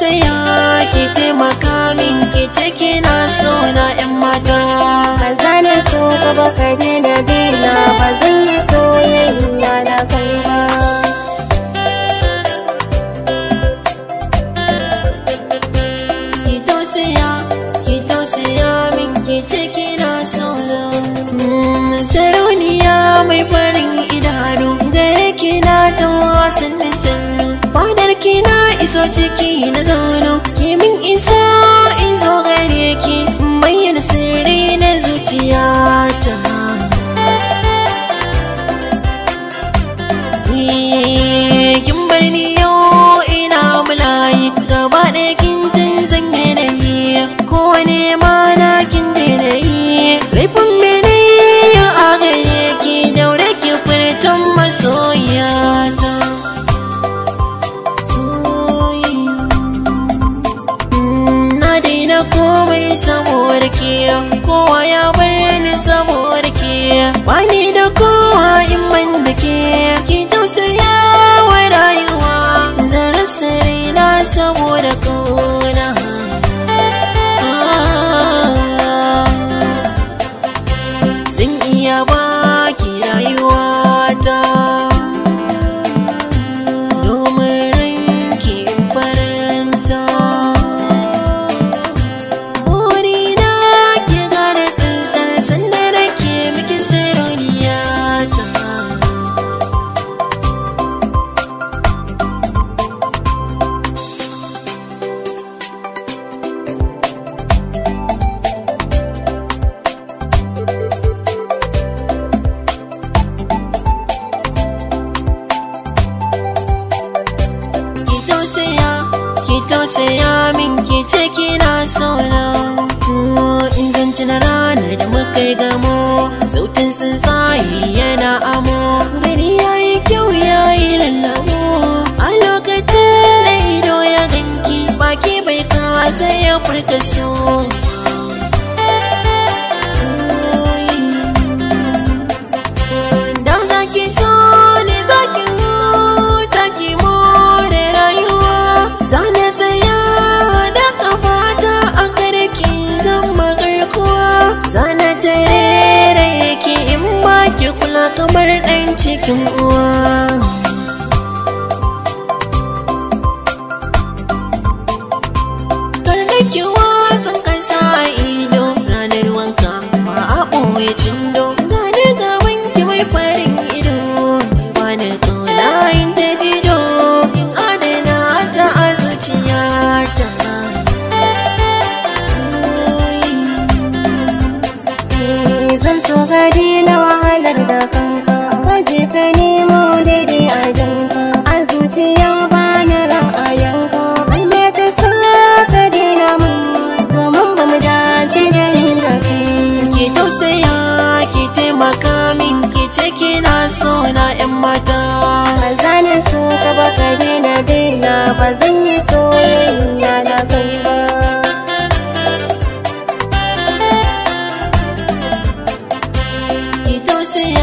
tausaya ki taimaka min ki ciki na so na yan mata ba za na so ka ba ka daina daina ba zan yi soyayya na kai ba ki min mm, sarauniya mai farin idanu gare ki na tawasin nisan fadar kina na iso ciki na zono ki min iso zo gare ki bayyana sirri na zuciyata ni sabuwar ki kowa ya bar ni ba ni da kowa in ban da ke ki tausaya wa rayuwa zarar na saboda kuna ah, zan iya baki rayuwa ta tausaya min ki ce na sona in zanci na ranar da muka yi gamo sautin sun tsayi yana amo gani ya yi kyau ya yi lallamo a lokacin da ido ya ganki baki bai sai ya furta so kamar ɗan cikin uwa Karnaki wasan kasa a ido ranar wanka ma a ɓoye cindo Zane ga wanki farin ido Wani ƙauna inda jido in adana ta a zuciyata eh, zan so gari na kwantar da kanka ka je ka nemo daidai a janka a zuciya ba na ra'ayinka Allah ta sa ka daina mun domin ba mu dace da yin da ki tausaya ki taimaka min ki ce kina so na yan mata ba zan na so ka ba ka daina daina ba zan yi so sai